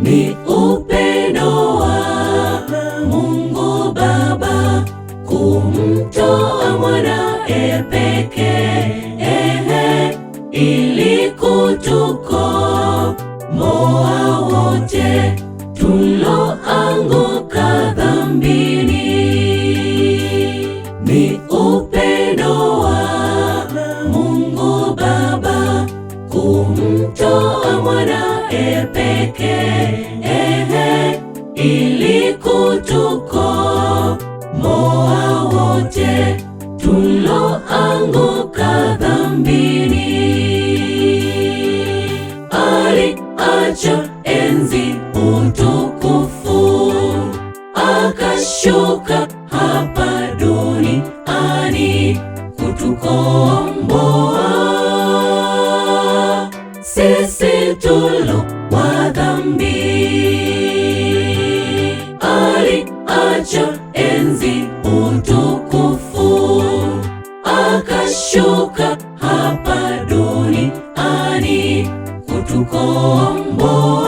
ni upendo wa Mungu Baba kumtoa mwanae pekee ili kutukomboa wote tulo yake ehe, ili kutukomboa wote tuloanguka dhambini. Aliacha enzi, utukufu, akashuka hapa duniani kutukomboa tukomboe.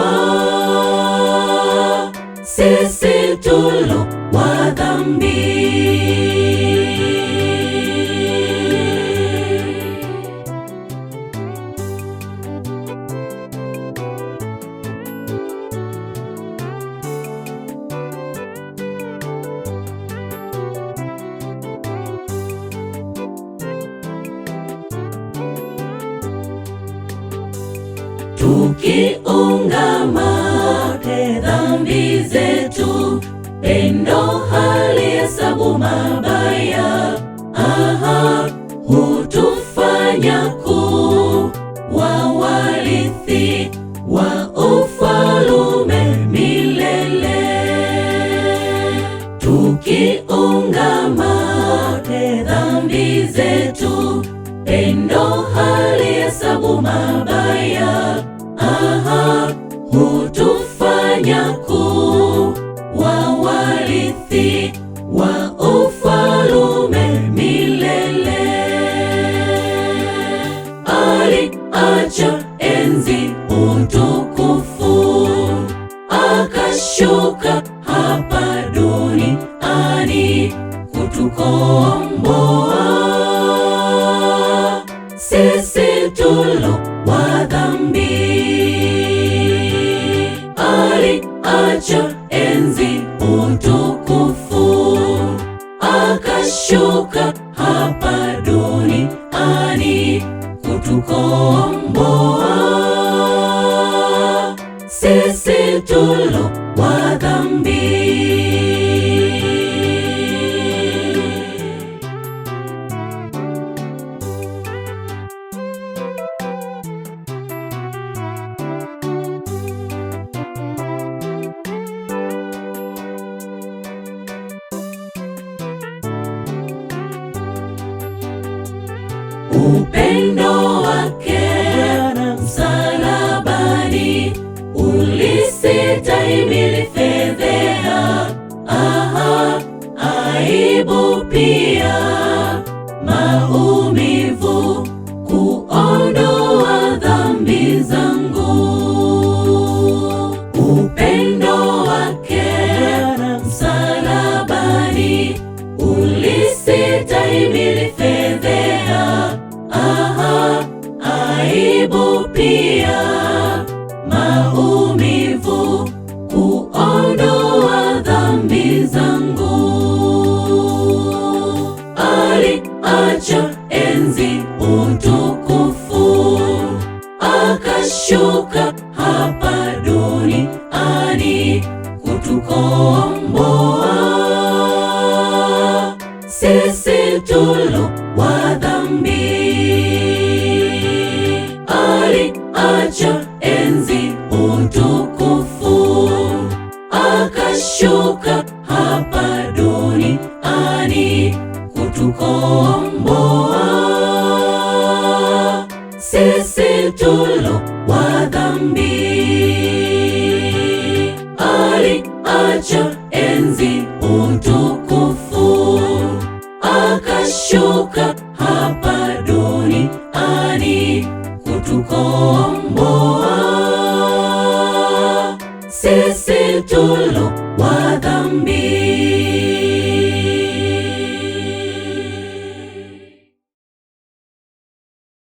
tukiungama dhambi zetu, pendo halihesabu mabaya, aha, hutufanya kuwa warithi wa ufalume milele. Tukiungama wote dhambi zetu, pendo halihesabu mabaya furaha hutufanya kuwa warithi wa ufalume milele. Aliacha enzi, utukufu, akashuka hapa duniani kutukomboa sisi cha enzi utukufu, akashuka hapa duniani kutukomboa sisi tulo maumivu, kuondoa dhambi zangu. Upendo wake msalabani ulisitahimili macho enzi mtolo wa dhambi, aliacha enzi utukufu, akashuka hapa duniani kutukomboa sisi tulo wa dhambi.